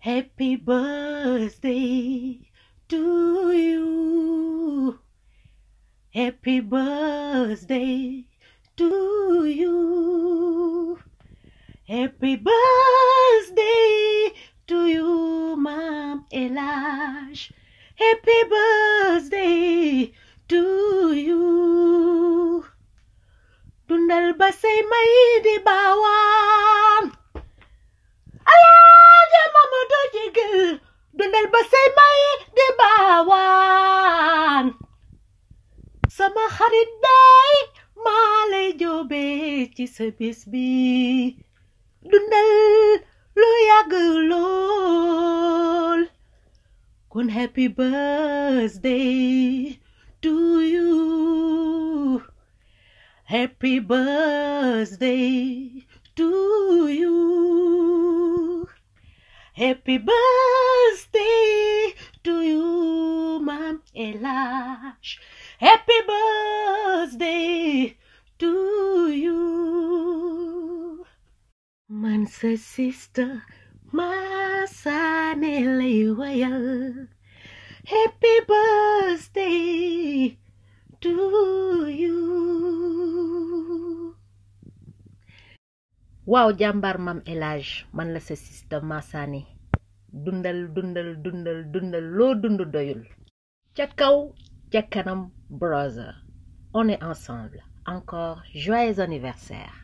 Happy birthday to you. Happy birthday to you. Happy birthday to you, Mom Elash. Happy birthday to you. Dundal basay may di bawang. say my debawan sama xarit bay maa lay jóobe ci sa bis bi dundal lu yàgg lool kon happy birthday to you happy birthday to you Happy birthday to you, Mom Elash. Happy birthday to you. Mansa sister, Masa Nelewaya. Happy birthday to you. waaw jàmbaar mam elage man la sa sista Massané dundal dundal dundal dundal loo dund doyul ca kaw brother on est ensemble encore joyeux anniversaire